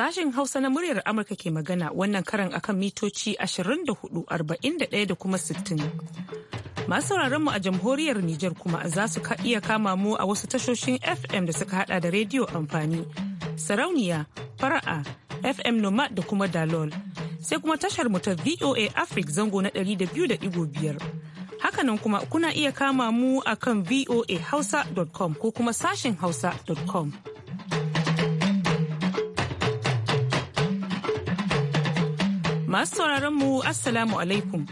Sashen Hausa na muryar Amurka ke magana wannan karan akan mitoci hudu arba'in da kuma 60. masu mu a jamhuriyar Nijar kuma za su iya kama mu a wasu tashoshin FM da suka hada da rediyo amfani, sarauniya, fara'a, FM Nomad da kuma Dalol. Sai kuma tashar mu ta VOA Africa zango na 200.5. Hakanan kuma kuna iya kama mu akan voa hausa.com ko kuma sashen hausa.com. Masu sauraron mu Assalamu alaikum.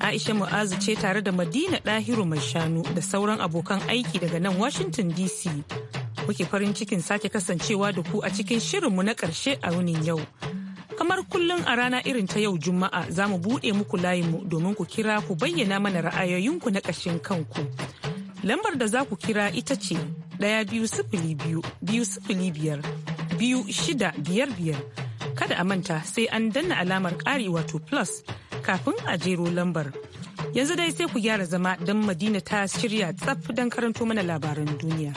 Aisha Mu'azu ce tare da Madina Dahiru mai shanu da sauran abokan aiki daga nan Washington DC. Muke farin cikin sake kasancewa da ku a cikin shirinmu na ƙarshe a wunin yau. Kamar kullum a rana irin ta yau Juma'a za mu buɗe muku layinmu domin ku kira ku bayyana mana ra'ayoyinku na ƙashin kanku. Lambar da za ku kira ita ce ɗaya biyu sifili biyu biyu sifili biyar biyu shida biyar biyar kada a manta sai an danna alamar ƙari wato plus kafin a jero lambar. Yanzu dai sai ku gyara zama don Madina ta shirya tsaf don karanto mana labaran duniya.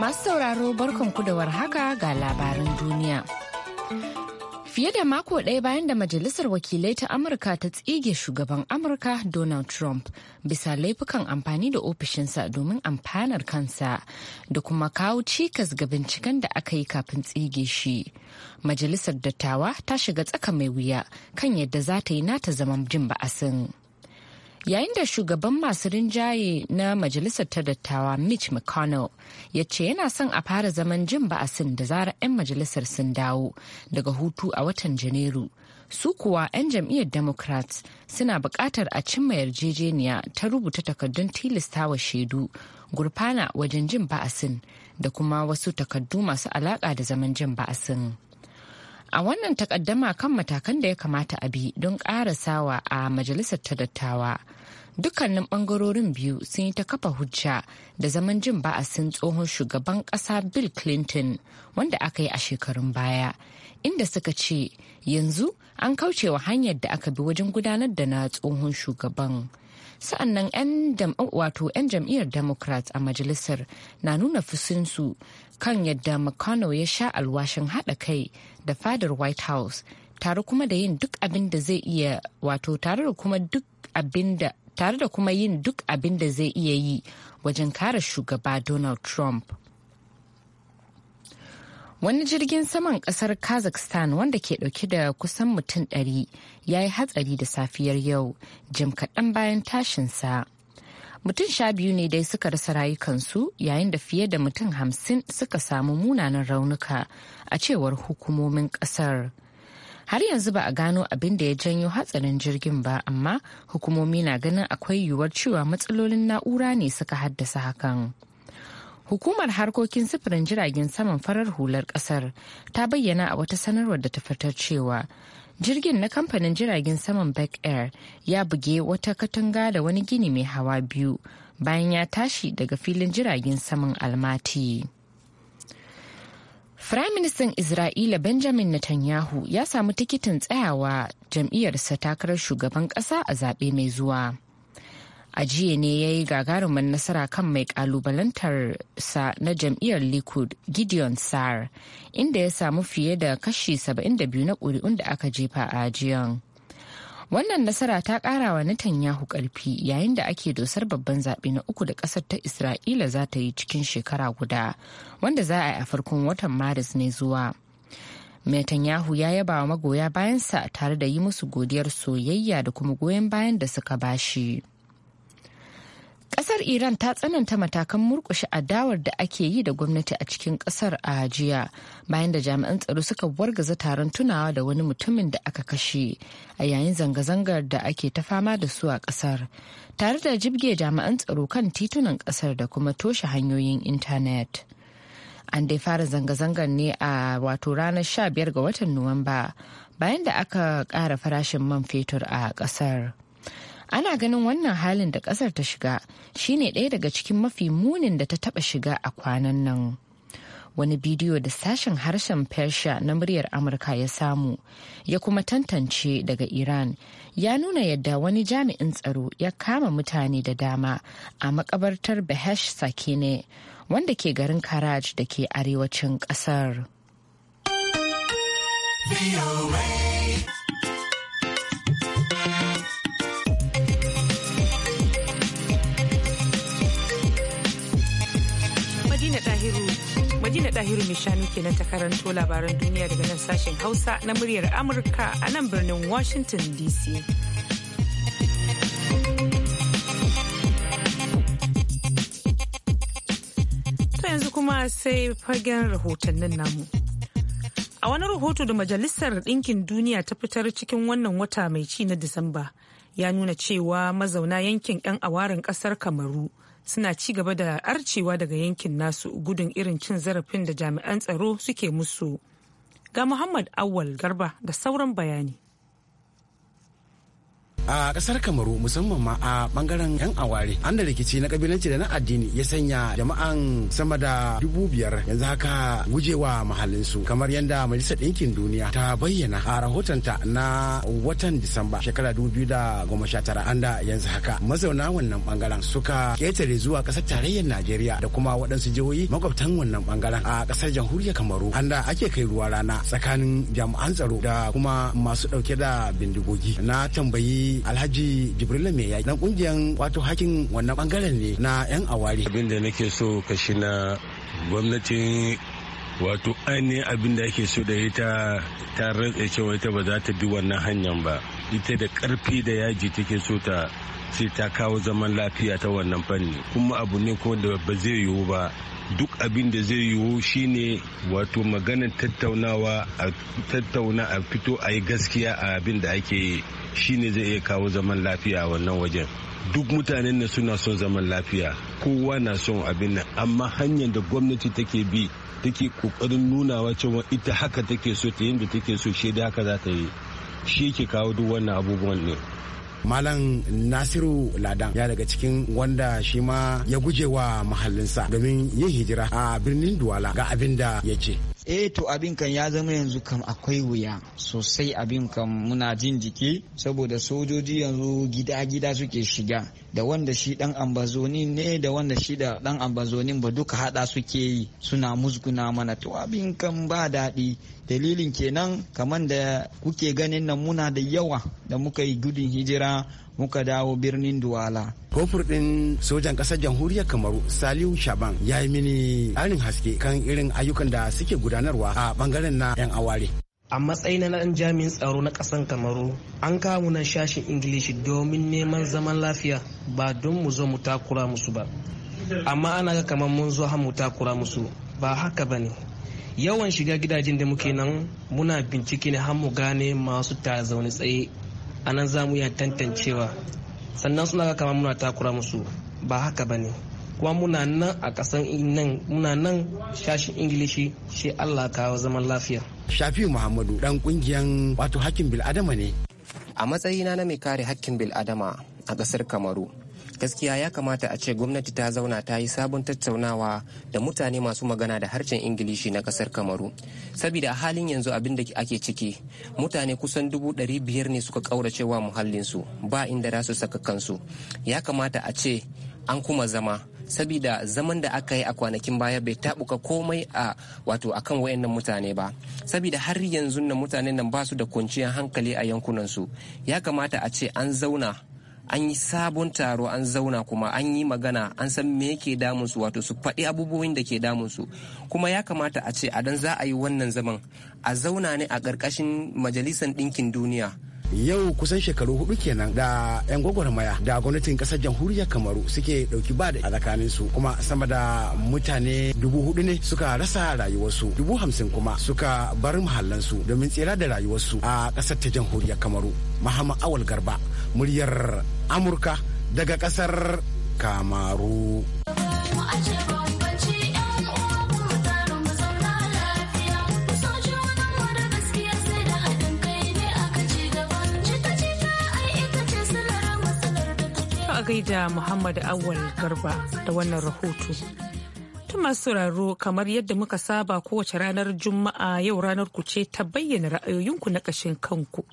Masu sauraro barkanku da haka ga labaran duniya. Fiye da mako ɗaya bayan da Majalisar Wakilai ta Amurka ta tsige shugaban Amurka Donald Trump bisa laifukan amfani da ofishinsa domin amfanar kansa da kuma kawo cikas ga binciken da aka yi kafin tsige shi. Majalisar Dattawa ta shiga tsaka mai wuya kan yadda za ta yi nata zaman jin ba'asin. yayin da shugaban masu rinjaye na majalisar ta dattawa mitch mcconnell ya ce yana son a fara zaman jin ba'asin da zarar 'yan majalisar sun dawo daga hutu a watan janairu su kuwa 'yan jam'iyyar democrats suna bukatar a cimma yarjejeniya ta rubuta takardun tilastawa shaidu gurfana wajen jin ba'asin da kuma wasu takardu masu alaƙa da zaman jin ba'asin. a wannan takaddama kan matakan da ya kamata a bi don sawa a majalisar ta dattawa dukkanin bangarorin biyu sun yi ta kafa hujja da zaman jin sun tsohon shugaban kasa bill clinton wanda aka yi a shekarun baya inda suka ce yanzu an kaucewa hanyar da aka bi wajen gudanar da na tsohon shugaban. sa'annan 'yan wato 'yan jam'iyyar democrats a majalisar na nuna fusinsu kan yadda mcconnell ya sha alwashin haɗa kai da fadar white house tare kuma da yin duk abin da zai iya wato tare da kuma duk abin da tare da kuma yin duk abin da zai iya yi wajen kare shugaba donald trump Wani jirgin saman kasar Kazakhstan wanda ke dauke da kusan mutum ɗari ya yi hatsari da safiyar yau jim kaɗan bayan tashinsa. Mutum sha biyu ne dai suka rasa rayukansu yayin da fiye da mutum hamsin suka samu munanan raunuka a cewar hukumomin ƙasar. Har yanzu ba a gano abin da ya janyo hatsarin jirgin ba amma hukumomi na ganin akwai yiwuwar cewa matsalolin na'ura ne suka haddasa hakan. Hukumar harkokin sufurin jiragen saman farar hular kasar ta bayyana a wata sanarwar da ta fitar cewa jirgin na kamfanin jiragen saman Back Air ya buge wata katanga da wani gini mai hawa biyu bayan ya tashi daga filin jiragen saman Almati. ministan Isra'ila Benjamin Netanyahu ya samu tikitin tsayawa jam'iyyarsa takarar shugaban ƙasa a zaɓe mai zuwa. a jiya ne ya yi gagarumin nasara kan mai kalubalantar sa na jam'iyyar likud gideon sar inda ya samu fiye da kashi 72 na ƙuri'un da aka jefa a jiyan wannan nasara ta ƙara wa netanyahu ƙarfi yayin da ake dosar babban zaɓe na uku da ƙasar ta isra'ila za ta yi cikin shekara guda wanda za a yi a farkon watan maris ne zuwa Netanyahu ya yaba wa magoya bayansa tare da yi musu godiyar soyayya da kuma goyon bayan da suka bashi. Ƙasar Iran ta tsananta matakan murkushe adawar da ake yi da gwamnati a cikin ƙasar a jiya bayan da jami'an tsaro suka wargaza taron tunawa da wani mutumin da aka kashe a yayin zanga-zangar da ake ta fama da su a ƙasar tare da jibge jami'an tsaro kan titunan ƙasar da kuma toshe hanyoyin intanet. An dai fara zanga-zangar ne a wato ranar 15 ga watan Nuwamba bayan da aka ƙara farashin man fetur a ƙasar. ana ganin wannan halin da kasar ta shiga shine ɗaya daga cikin mafi munin da ta taba shiga a kwanan nan wani bidiyo da sashen harshen persia na muryar amurka ya samu ya kuma tantance daga iran ya nuna yadda wani jami'in tsaro ya kama mutane da dama a makabartar behesh sakine wanda ke garin karaj da ke arewacin kasar. Madina Dahiru Mishani ke ta karanto labaran duniya daga nan sashen Hausa na muryar Amurka a nan birnin Washington DC. ta yanzu kuma sai fagen rahotannin namu. A wani rahoto da Majalisar Ɗinkin Duniya ta fitar cikin wannan wata mai ci na Disamba ya nuna cewa mazauna yankin 'yan awarin ƙasar Kamaru. suna ci gaba da arcewa daga yankin nasu gudun irin cin zarafin da jami'an tsaro suke musu. Ga Muhammad Awal Garba da sauran bayani. a kasar kamaru musamman ma a bangaren yan aware an da rikici na kabilanci da na addini ya sanya jama'an sama da dubu biyar yanzu haka gujewa mahallinsu kamar yadda majalisar ɗinkin duniya ta bayyana a rahotonta na watan disamba shekara dubu biyu da goma sha tara an da yanzu haka mazauna wannan bangaren suka ƙetare zuwa ƙasar tarayyar najeriya da kuma waɗansu jihohi makwabtan wannan bangaren a ƙasar jamhuriyar kamaru an da ake kai ruwa rana tsakanin jami'an tsaro da kuma masu ɗauke da bindigogi na tambayi alhaji jibril mai yaki dan kungiyan wato hakin wannan bangaren ne na yan awari abin da nake so kashi na gwamnatin wato ainihin abin da ake so da ita ta rantsa cewa ita ba za ta bi wannan hanyar ba ita da karfi da yaji take so ta sai ta kawo zaman lafiya ta wannan fanni kuma abu ne ko da ba zai yiwu ba duk abin da zai yiwu shine wato maganar tattaunawa a tattauna a fito a yi gaskiya a abin da ake yi shine zai iya kawo zaman lafiya a wannan wajen duk mutanen na suna son zaman lafiya kowa na son abin nan amma hanyar da gwamnati take bi take kokarin nunawa cewa ita haka take so ta yadda take so shi da haka za ta yi shi ke kawo duk wannan abubuwan ne malam nasiru ladan ya daga cikin wanda shi ma ya guje wa mahallinsa domin yin hijira a birnin duwala ga abin da ya ce eh to abin kan ya zama yanzu kam akwai wuya sosai abin kan muna jin jiki saboda sojoji yanzu gida-gida suke shiga da wanda shi dan ambazoni ne da wanda shi da dan ambazonin ba duka hada suke yi suna musguna mana to abin kan ba daɗi dalilin kenan kamar da kuke ganin nan muna da yawa da muka yi gudun hijira muka dawo birnin duwala kofur ɗin sojan ƙasar jamhuriyar kamaru saliu shaban ya yi mini ƙarin haske kan irin ayyukan da suke gudanarwa a ɓangaren na 'yan aware a matsayin na ɗan jami'in tsaro na ƙasan kamaru an kawo nan shashin ingilishi domin neman zaman lafiya ba don mu zo mu takura musu ba amma ana ga kamar mun zo mu takura musu ba haka ba ne yawan shiga gidajen da muke nan muna bincike ne har mu gane masu ta zaune tsaye a nan za mu iya tantancewa sannan suna ga kama muna takura musu ba haka ba ne kuma muna nan a kasan nan muna nan shashin ingilishi shi allah kawo zaman lafiya Shafi muhammadu dan kungiyan wato hakkin bil'adama ne a matsayina na mai kare hakkin bil'adama a kasar kamaru gaskiya ya kamata a ce gwamnati ta zauna ta yi sabon tattaunawa da mutane masu magana da harshen ingilishi na kasar kamaru saboda a halin yanzu abin da ake ciki mutane kusan dubu ɗari biyar ne suka ƙauracewa muhallinsu ba inda za su saka kansu ya kamata a ce an kuma zama sabida zaman da aka yi a kwanakin baya bai tabuka komai a wato akan wayannan mutane ba sabida har yanzu nan mutanen nan ba su da kwanciyar hankali a yankunansu ya kamata a ce an zauna an yi sabon taro an zauna kuma an yi magana an san me yake damunsu wato su faɗi abubuwan da ke damun su kuma ya kamata a ce a dan za a yi wannan zaman a zauna ne a ƙarƙashin majalisar ɗinkin duniya yau kusan shekaru hudu kenan da 'yan gwagwarmaya da gwamnatin kasar jamhuriyar kamaru suke dauki ba da tsakanin su kuma sama da mutane dubu hudu ne suka rasa rayuwarsu dubu hamsin kuma suka bar mahallansu domin tsira da rayuwarsu a kasar ta jamhuriyar kamaru muhammad awal garba muryar amurka daga kasar kamaru gaida Muhammad Awal Garba da wannan rahoto. masu sauraro kamar yadda muka saba kowace ranar Juma'a yau ranar ku ce ta bayyana ra'ayoyinku na ƙashin kanku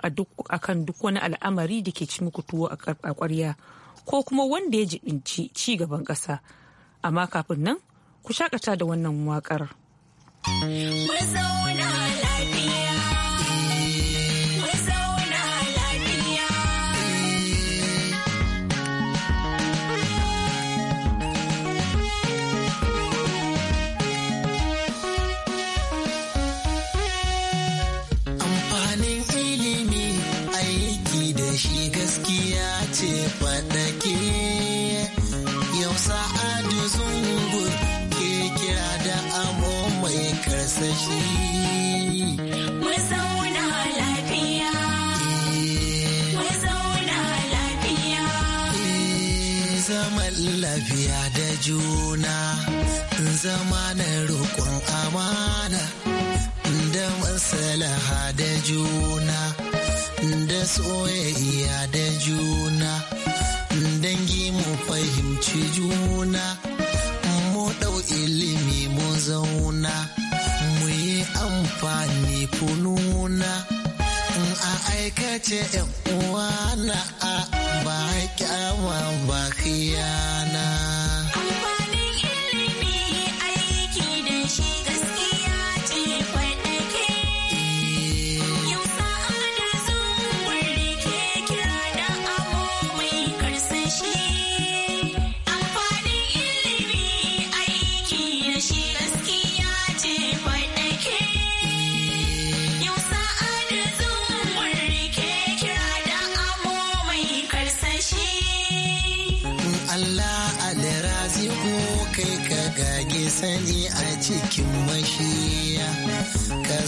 a kan duk wani al'amari da ke ci muku tuwo a ƙwarya ko kuma wanda ya jibinci ci gaban ƙasa. Amma kafin nan ku shakata da wannan waƙar. lafiya. a aikace yan uwa na a ba kyawa ba khiyana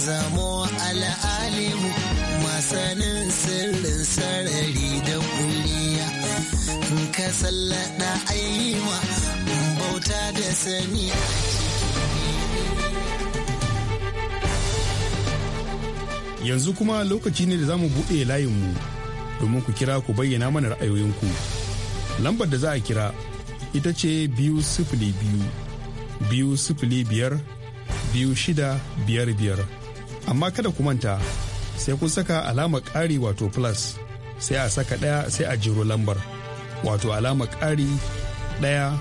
zamo al'alimu masanin sirrin sarari da kuliya in ka sallada ayyuma bauta da sani yanzu kuma lokaci ne da zamu mu buɗe layinmu domin ku kira ku bayyana mana ra'ayoyinku lambar da za a kira ita ce biyu sifili biyu biyu sifili biyar biyu shida biyar biyar amma kada ku manta sai kun saka alamar ƙari wato plus sai a saka ɗaya sai a jiro lambar wato alama ƙari ɗaya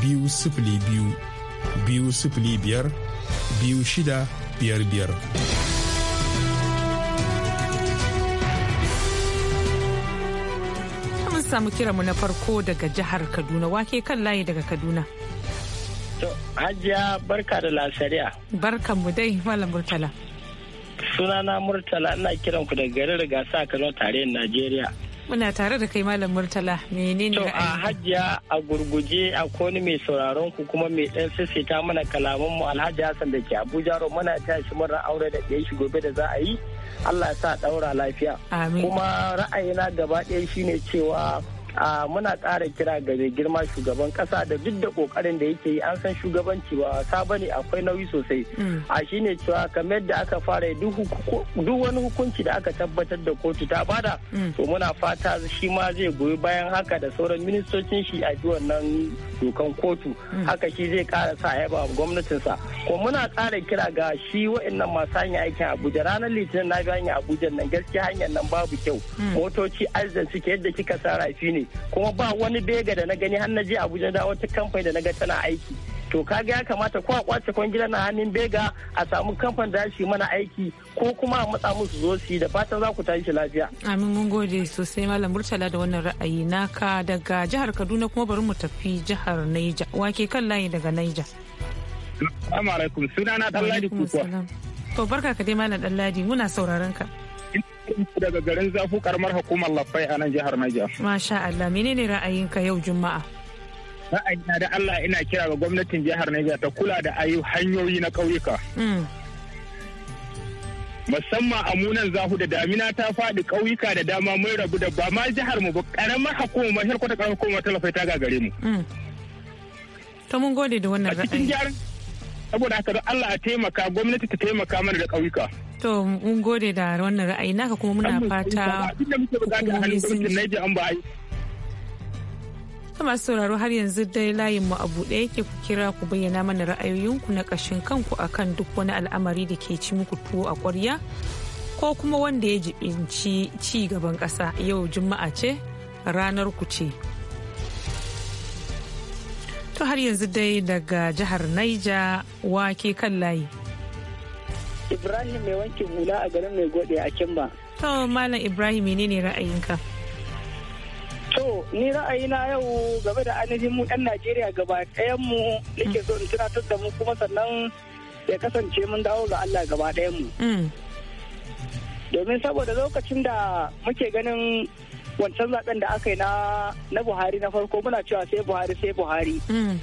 biyu sifili biyu biyu sifili biyar biyu shida biyar biyar. samu kiranmu na farko daga jihar Kaduna wake kan layi daga Kaduna. To, Hajiya barka da lasariya. barkanmu dai, Malam Murtala. sunana murtala ina kiran ku daga garin rigasa a tare tarayyar najeriya muna tare da kai malam murtala menene to a hajjiya a gurguje a koni mai sauraron ku kuma mai dan sissita mana kalaman mu alhaji hassan da ke abuja ro muna ta shi aure da ɗaya shi gobe da za a yi allah ya sa daura lafiya kuma ra'ayina gaba ɗaya shine cewa muna ƙara kira ga mai girma shugaban kasa da duk da ƙoƙarin da yake yi an san shugabanci ba wasa ba ne akwai nauyi sosai mm. a shine cewa kamar da aka fara duk wani hukunci da aka tabbatar da kotu ta bada mm. to muna fata shi ma zai goyi bayan haka da sauran ministocin shi a ji wannan dokan kotu mm. haka shi zai ƙara sa yaba gwamnatinsa ko muna ƙara kira ga shi wa'annan masu hanyar aikin abuja ranar litinin na ga hanyar abuja nan gaskiya hanyar nan babu kyau motoci arzan suke yadda kika sa rafi ne kuma ba wani bega da na gani har na je abuja da wata kamfani da naga tana aiki to kaga ya kamata ko a kwace kwangila na hannun bega a samu kamfan da shi mana aiki ko kuma a matsa musu zo su da fatan za ku tashi lafiya. Amin mun gode sosai Malam Murtala da wannan ra'ayi naka daga jihar Kaduna kuma bari mu tafi jihar Naija. Wake kan layi daga Naija. Assalamu alaikum sunana Ɗanladi kuwa To barka ka dai Malam Ɗanladi muna sauraron ka. daga garin zafu karamar hukumar lafai a nan jihar Niger. Masha Allah, menene ra'ayinka yau Juma'a? Ra'ayina da Allah ina kira ga gwamnatin jihar Niger ta kula da ayu hanyoyi na ƙauyuka. Hmm. Musamman a munan zahu da damina ta faɗi ƙauyuka da dama mun rabu da ba ma jihar mu ba karamar hukumar kwata karamar hukumar talafai ta gagare mu. Hmm. Ta mun gode da wannan ra'ayi. saboda haka Allah a taimaka gwamnati ta taimaka mana da ƙauyuka. To mun gode da wannan ra'ayi naka kuma muna fata hukumomi sun yi. masu sauraro har yanzu dai layin mu a buɗe yake ku kira ku bayyana mana ra'ayoyinku na ƙashin kanku akan duk wani al'amari da ke ci muku tuwo a ƙwarya ko kuma wanda ya jibinci ci gaban ƙasa yau juma'a ce ranar ku ce. To har yanzu dai daga jihar Naija wake kan layi. Ibrahim mai wanke hula a garin mai gode a Kimba. To Malam Ibrahim menene ra'ayinka? To ni ra'ayina yau game da ainihin mu 'yan Najeriya gaba ɗayan mu nake so in tunatar da mu kuma sannan ya kasance mun dawo ga Allah gaba ɗayan mu. Mm. Domin saboda lokacin da muke ganin wancan zaɓen da aka yi na Buhari na farko muna cewa sai Buhari sai Buhari mm.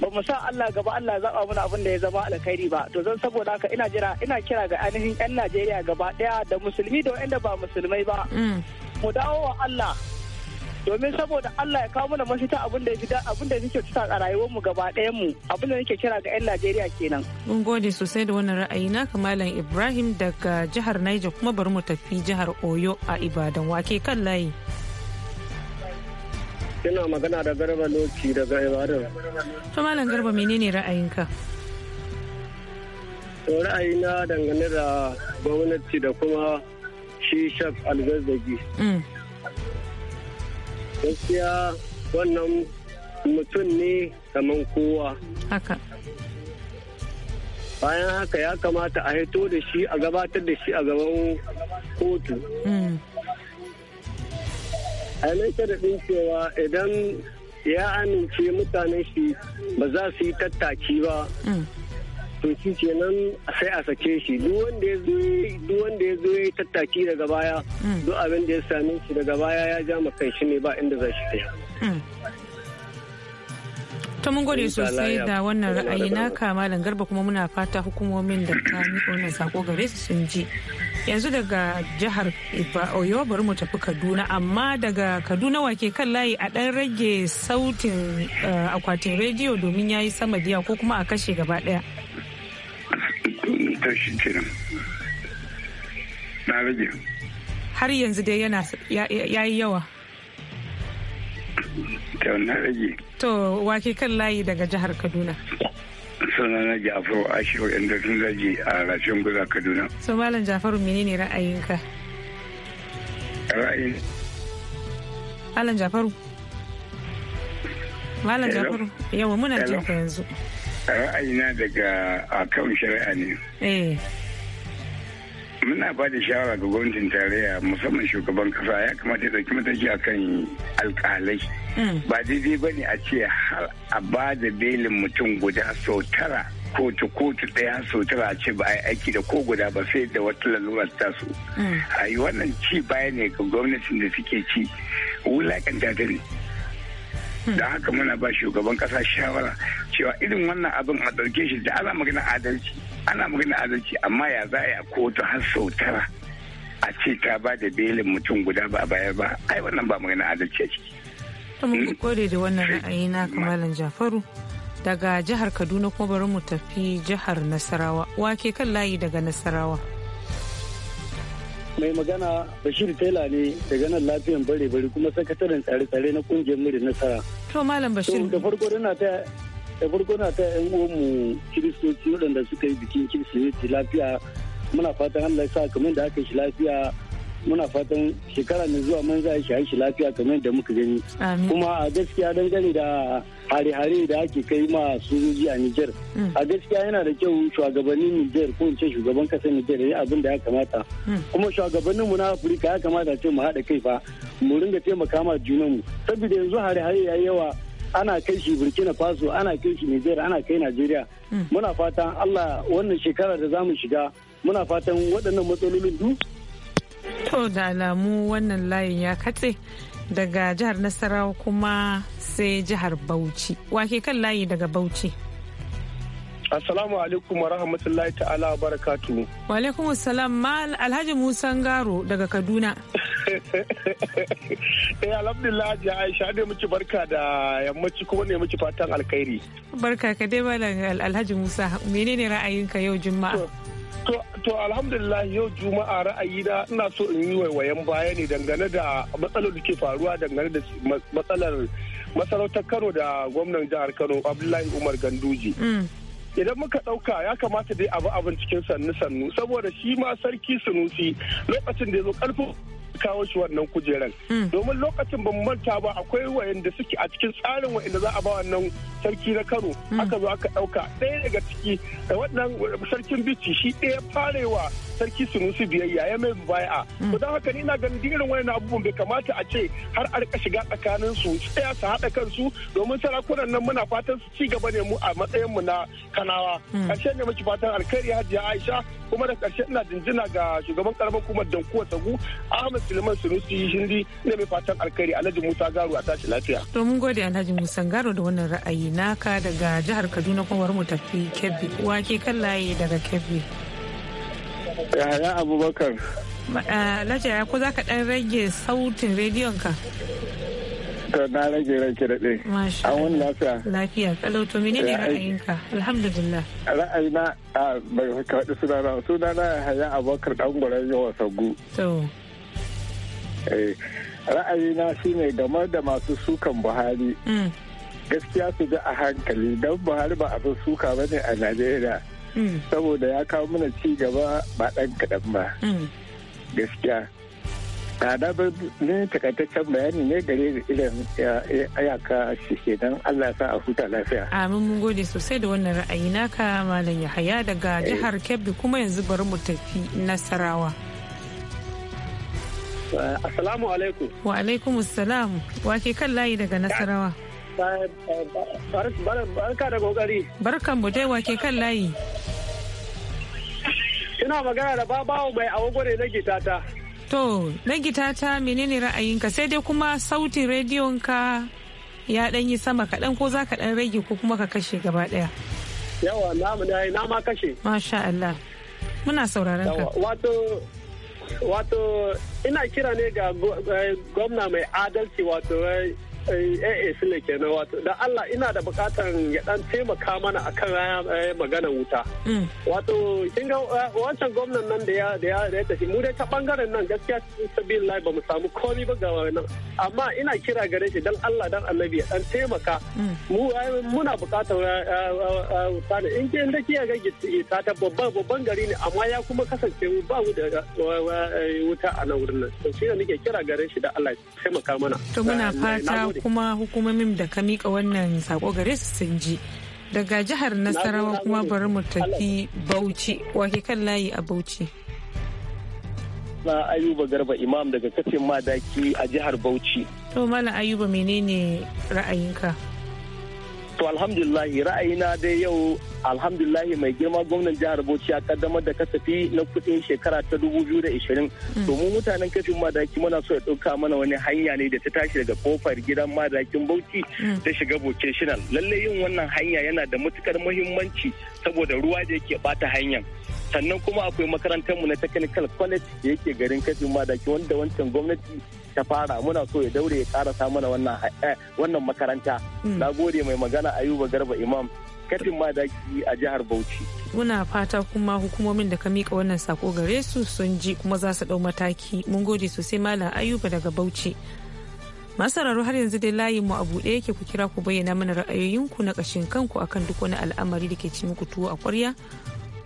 ba mu sa Allah gaba Allah zaba mana abin da ya zama alkhairi ba to zan saboda haka ina jira ina kira ga ainihin yan Najeriya gaba daya da musulmi da wanda ba musulmai ba mm. mu dawo wa Allah domin saboda Allah ya kawo mana mafita abin da ya abin da yake a rayuwar mu gaba ɗayan mu abin da nake kira ga 'yan Najeriya kenan. Mun gode sosai da wannan ra'ayi na Malam Ibrahim daga jihar Niger kuma bari mu tafi jihar Oyo a Ibadan wake kan layi. Ina magana da Garba Loki daga Ibadan. To Malam Garba menene ra'ayinka? To ra'ayina dangane da gwamnati da kuma shi Shaf Algazzagi. Mm. gaskiya wannan mutum ne kamar kowa haka bayan haka ya kamata a haito da shi a gabatar da shi a gaban kotu hmm. a yi sharaɗin cewa idan ya amince mutanen shi ba za su yi tattaki ba hmm. to shi kenan sai a sake shi duk wanda ya zo ya zo tattaki daga baya mm. duk abin da ya same shi daga baya ya ja ma kai shi ne ba inda za shi kai mm. to mun gode sosai da wannan ra'ayi na da garba kuma muna fata hukumomin da ta miƙo wannan sako gare su sun ji yanzu daga jihar oyo bari mu tafi kaduna amma daga kaduna wake kan layi a dan rage sautin eh, akwatin rediyo domin ya yi sama biya ko kuma a kashe gaba ɗaya. to kenan na rage har yanzu dai yana ya yi yawa to na rage to wake kan layi daga jihar kaduna sannan sunana jafaru ashiru inda sun zaji a rashin guda kaduna so malam jafaru menene ra'ayinka ra'ayin malam jafaru malam jafaru yawa muna jinka yanzu ra'ayina daga kan shari'a ne eh. muna ba da shawara ga gwamnatin tarayya musamman shugaban kasa ya kamata ya ɗauki mataki akan alkalai mm. ba daidai ba ne a ce har a ba da belin mutum guda sau tara kotu kotu ɗaya sau tara a ce ba a yi aiki da ko guda ba sai da wata lalura ta su a yi wannan ci baya ne ga gwamnatin da suke ci wulaƙanta ta ne da haka muna ba shugaban kasa shawara cewa irin wannan abin a ɗauke shi da ana magana adalci ana magana adalci amma ya za a kotu har sau tara a ce ta ba da belin mutum guda ba a bayar ba ai wannan ba magana adalci a ciki. mu hmm? gode da wannan ra'ayi na kamalan jafaru daga jihar kaduna kuma bari mu tafi jihar nasarawa wake kan layi daga nasarawa. mai magana bashir tela ne daga nan lafiyan bare bare kuma sakataren tsare-tsare na kungiyar murin nasara to malam bashir da farko dana ta da farko na ta yan uwanmu kiristoci waɗanda suka yi bikin kirsimeti lafiya muna fatan allah sa kamar da aka shi lafiya muna fatan shekara mai zuwa mun za shi shi lafiya kamar da muka gani kuma a gaskiya dangane da hare-hare da ake kai ma sojoji a Nijar mm. a gaskiya yana da kyau shugabannin Nijar ko ce shugaban kasar Nijar ya abin da ya kamata mm. kuma shugabannin mu na Afirka ya kamata ce mu haɗa kai fa mu ringa taimaka ma mu saboda yanzu hare-hare yayi yawa ana kai shi burkina faso ana kai shi nijar ana kai najeriya mm. muna fatan allah wannan shekara da za mu shiga muna fatan waɗannan matsalolin duk To da alamu wannan layin ya katse daga jihar Nasarawa kuma sai jihar Bauchi. Wake kan layi daga Bauchi. Assalamu alaikum wa rahmatullahi ta'ala wa barakatu. Wa alaikum assalam mal Alhaji Musa Ngaro daga Kaduna. Eh alhamdulillah ji Aisha ne miki barka da yammaci kuma ne miki fatan alkhairi. Barka ka dai malam Alhaji Musa menene ra'ayinka yau Juma'a? To alhamdulillah yau Juma'a ra'ayi da ina so in yi waiwayen baya ne dangane da matsalar da ke faruwa dangane da matsalar masarautar Kano da gwamnan jihar Kano Abdullahi Umar Ganduje. Mm. idan muka ɗauka ya kamata dai abu abin cikin sannu-sannu saboda shi ma sarki sunusi lokacin da ya zo karfi kawo shi wannan kujeran hmm. domin lokacin ban manta ba akwai wayanda suke a cikin tsarin wayanda za a ba wannan sarki na kano hmm. aka zo aka ɗauka ɗaya daga ciki da wannan sarkin bici shi ɗaya farewa sarki sunusi biyayya ya mai baya ba mm. don haka ni ina ganin dirin wani abubuwan bai kamata a ce har a rika shiga tsakanin su tsaya su haɗa kansu domin sarakunan nan muna fatan su ci gaba ne mu a matsayin mu na kanawa mm. karshe ne muke fatan alkhairi hajiya aisha kuma da karshe ina jinjina ga shugaban karamar hukumar dankuwa sagu ahmad suleiman sunusi hindi ne mai fatan alkhairi alhaji musa garu a tashi lafiya to mun gode alhaji musa garu da wannan ra'ayi naka daga jihar kaduna kuma mu tafi kebbi wake kan laye daga kebbi Yahaya Abubakar. lajar ya ku za ka ɗan rage sautin rediyon ka? To na rage rage daɗe. Masha. An wani lafiya. Lafiya. Kalau to mini ne eh, ra'ayinka? Alhamdulillah. Ra'ayina a bai faɗi sunana sunana Yahaya Abubakar ɗan gwaran yawan sagu. To. Eh, ra'ayina shine game da masu sukan Buhari. Mm. Gaskiya su ji a hankali don Buhari ba abin suka ba ne a Najeriya. saboda ya kawo mana ci gaba ba ɗan kaɗan ba mm. gaskiya da ba ne takaitaccen bayani ne gare irin ayaka shi dan Allah sa a huta lafiya. Amin mun gode sosai da wannan ra'ayi naka Malam Yahaya daga eh. jihar Kebbi kuma yanzu bari mu tafi Nasarawa. Assalamu alaikum. Wa alaikum salam. Wa ke kan layi daga Nasarawa? Barka da kokari. Barkan mu dai wake kan layi. Ina magana da babawo mai agogo ne na gitata. To, na gitata menene ra'ayinka sai dai kuma sautin rediyonka ya dan yi sama kaɗan ko za ka dan rage ko kuma ka kashe gaba ɗaya. Yawa na na ma kashe. Masha Allah. Muna sauraron ka. Wato wato ina kira ne ga eh, gwamna mai adalci wato eh, AA eh, eh, sile kenan wato da Allah ina da bukatan ya dan taimaka mana akan eh, magana wuta. Mm. Wato kin ga wancan gwamnan nan da ya da ya da tafi mu dai ta bangaren nan gaskiya lai ba mu samu komai ba ga wannan amma ina kira gare shi dan Allah dan Annabi ya dan taimaka mm. mu muna bukatan wuta ne in ke da kiyaye ga gita ta babban babban gari ne amma ya kuma kasance ba mu da wuta a nan wurin nan to shi ne nake kira gare shi da Allah ya taimaka mana. To muna fata kuma hukumomin da ka mika wannan sako gare su sun ji daga jihar nasarawa kuma bari mu tafi bauchi wake kan layi a bauchi na ayuba garba imam daga kafin madaki a jihar bauchi to mala ayuba menene ra'ayinka To ra'ayi na dai yau alhamdulillahi mai girma gwamnan jihar Bauchi ya kaddamar da kasafi na kudin shekara ta 2020. Hmm. To mu mutanen kafin madaki muna so ya ɗauka mana wani hanya ne da ta tashi daga kofar gidan madakin Bauchi da hmm. shiga vocational. Lallai yin wannan hanya yana da matukar muhimmanci saboda ruwa da yake bata hanyar. sannan kuma akwai makarantar mu na technical college da yake garin kafin madaki wanda wancan gwamnati ta fara muna so ya daure ya karasa mana wannan eh, wannan makaranta mm. na gode mai magana ayuba garba imam kafin madaki a jihar bauchi muna fata kuma hukumomin da ka mika wannan sako gare su sun ji kuma za su dau mataki mun gode sosai malam ayuba daga bauchi masararru har yanzu dai layin mu a buɗe yake ku kira ku bayyana mana ra'ayoyinku na ƙashin kanku akan duk wani al'amari da ke ci muku tuwo a ƙwarya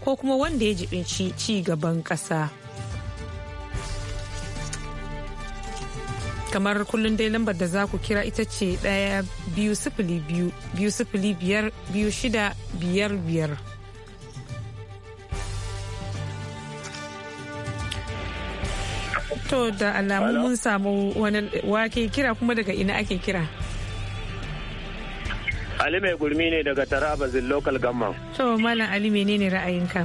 ko kuma wanda ya jibinci ci gaban ƙasa. kamar kullum dai lambar da za ku kira ita ce ɗaya biyu sifili biyu biyu sifili biyar biyu shida biyar biyar to da alamu mun samu wani wake kira kuma daga ina ake kira Ali mai gurmi ne daga Taraba Zin Local Gamman. To Malam Ali menene ra'ayinka?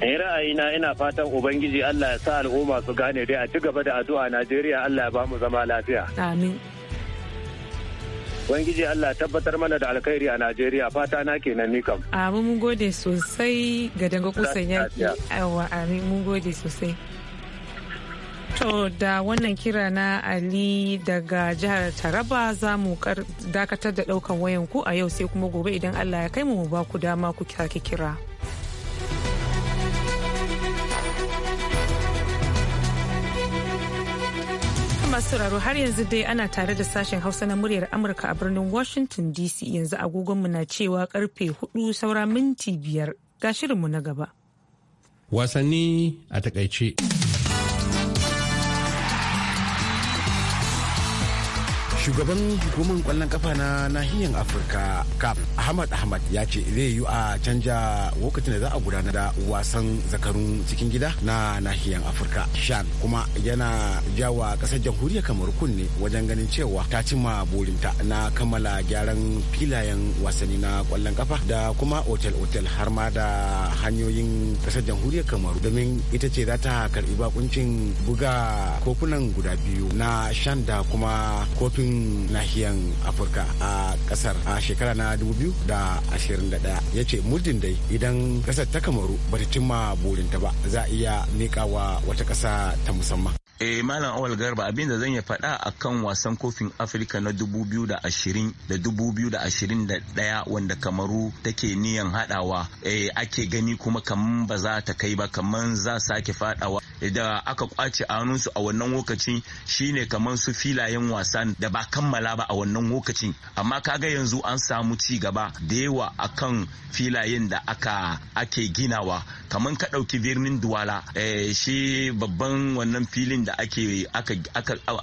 Ni eh, ra'ayina ina fatan Ubangiji Allah ya sa al'umma su gane dai a ci gaba da addu'a Najeriya Allah ya ba mu zama lafiya. Amin. Ubangiji Allah tabbatar mana da alkhairi a Najeriya fata na kenan ni kam. Amin mun gode sosai ga danga kusan yaki. Amin mun gode sosai. To da wannan kira na Ali daga jihar Taraba za mu dakatar da daukan wayan ku a yau sai kuma gobe idan Allah ya kai mu ba ku dama ku sake kira. masu sauraro har yanzu dai ana tare da sashen hausa na muryar amurka a birnin washington dc yanzu agogonmu na cewa karfe hudu saura minti biyar ga shirinmu na gaba wasanni a takaice shugaban hukumar kwallon kafa na nahiyar afirka cap ahmad ahmad ya ce zai yi a canja lokacin da za a gudanar da wasan zakarun cikin gida na nahiyar afirka shan kuma yana jawa kasar jamhuriyar kamar kunne wajen ganin cewa ta cima burinta na kammala gyaran filayen wasanni na kwallon kafa da kuma otel-otel har ma da hanyoyin kasar jamhuriyar kamaru domin ita ce za ta karbi bakuncin buga kofunan guda biyu na shan da kuma kofin nahiyan afirka a kasar a shekara na 2021 ya ce muddin dai idan kasar ta kamaru ba ta cimma burinta ba za a iya miƙa wa wata ƙasa ta musamman eh malam awal garba abin da zan ya faɗa kan wasan kofin afirka na 2020 da 2021 wanda kamaru take niyan haɗawa eh ake gani kuma kaman ba za ta kai ba kaman za sake faɗawa da aka kwace a hannunsu a wannan lokacin shine kamar su filayen wasa da ba kammala ba a wannan lokacin amma kaga yanzu an samu ci gaba da yawa akan filayen da aka ake ginawa kamar ka ɗauki birnin duwala eh, shi babban wannan filin da ake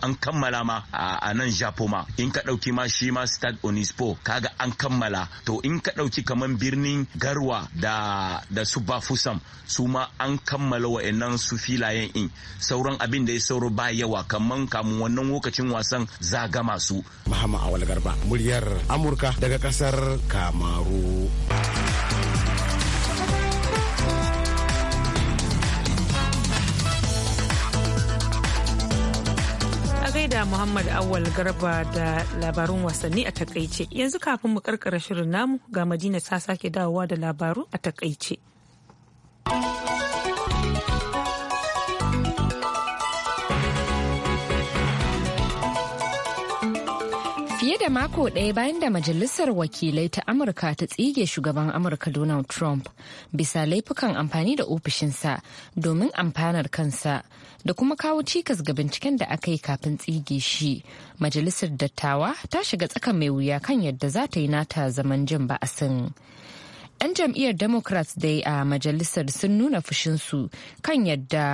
an kammala ma a nan japoma in ka ɗauki ma shi ma stad onispo kaga an kammala to in ka ɗauki kamar birnin garwa da da su bafusam su ma an kammala wa'annan su filayen in sauran abin da ya sauro ba yawa kamar kamun wannan lokacin wasan zagama su Mahama Awal Garba muryar Amurka daga kasar Kamaru. Muhammad Awal Garba da labarun wasanni a takaice. Yanzu kafin mu karkara shirin namu ga Madina ta sake dawowa da labaru a takaice. da mako ɗaya bayan da Majalisar Wakilai ta Amurka ta tsige shugaban Amurka Donald Trump bisa laifukan amfani da ofishinsa domin amfanar kansa da kuma kawo cikas ga binciken da aka yi kafin tsige shi. Majalisar Dattawa ta shiga tsakan mai wuya kan yadda za ta yi nata zaman jin ba'asin. 'yan jam'iyyar democrats dai a majalisar sun nuna fushinsu kan yadda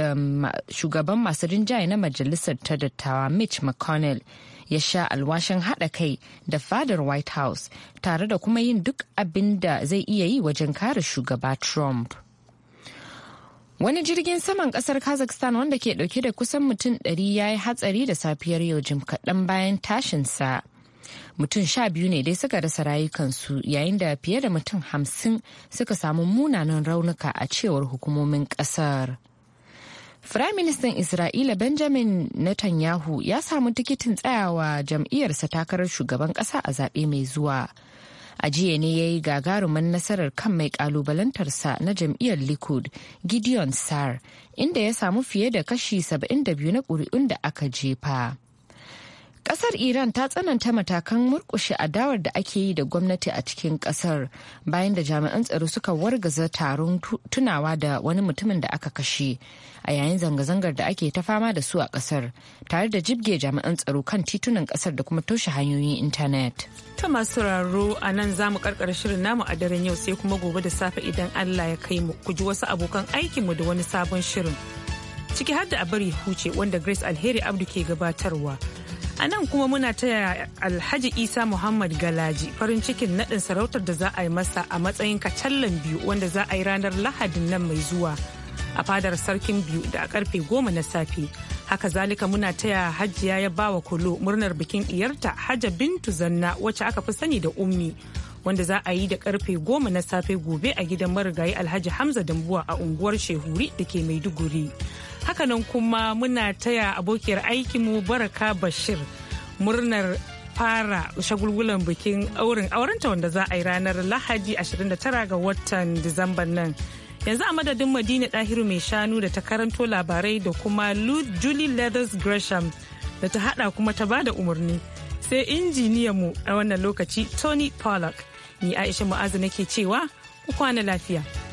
um, shugaban masu rinjaye na majalisar ta dattawa mitch mcconnell ya sha alwashin haɗa kai da fadar white house tare da kuma yin duk abin da zai iya yi wajen kare shugaba trump Wani jirgin saman kasar Kazakhstan wanda ke dauke da kusan mutum 100 ya yi hatsari da safiyar yau jim kaɗan bayan tashinsa. Mutum sha biyu ne dai suka rasa rayukansu yayin da fiye da mutum hamsin suka samu munanan raunuka a cewar hukumomin kasar. Firaministan Isra'ila Benjamin Netanyahu ya samu tikitin tsayawa jam'iyyarsa takarar shugaban ƙasa a zaɓe mai zuwa. A jiya ne ya yi gagarumin nasarar kan mai ƙalubalantarsa na jam'iyyar Likud, Gideon Sar, inda ya samu fiye da kashi 72 na ƙuri'un da aka jefa. Kasar Iran ta tsananta matakan murkushe adawar da ake yi da gwamnati a cikin kasar bayan da jami'an tsaro suka wargaza taron tunawa da wani mutumin da aka kashe a yayin zanga-zangar da ake ta fama da su a kasar tare da jibge jami'an tsaro kan titunan kasar da kuma toshe hanyoyin intanet. Ta masu raro a nan za mu shirin namu a daren yau sai kuma gobe da safe idan Allah ya kai mu ku ji wasu abokan mu da wani sabon shirin. Ciki har da a bari huce wanda Grace Alheri Abdu ke gabatarwa. A nan kuma muna taya Alhaji Isa Muhammad Galaji farin cikin naɗin sarautar da za a yi masa a matsayin kacallan biyu wanda za a yi ranar Lahadin nan mai zuwa a fadar sarkin biyu da a karfe goma na safe. Haka zalika muna taya Hajiya ya bawa kolo murnar bikin ɗiyarta Hajja Bintu Zanna wacce aka fi sani da Ummi wanda za a yi da karfe goma na safe gobe a gidan marigayi Alhaji Hamza Dambuwa a unguwar Shehuri da ke Maiduguri. hakanan kuma muna taya abokiyar aikinmu baraka bashir murnar fara shagulgulan bikin auren aurenta wanda za a yi ranar lahadi 29 ga watan disamban nan yanzu a madadin madina dahiru mai shanu da ta karanto labarai da kuma julie leathers gresham da ta hada kuma ta bada umarni sai injiniyanmu a wannan lokaci tony pollack ni aisha mu'azu nake cewa ku kwana lafiya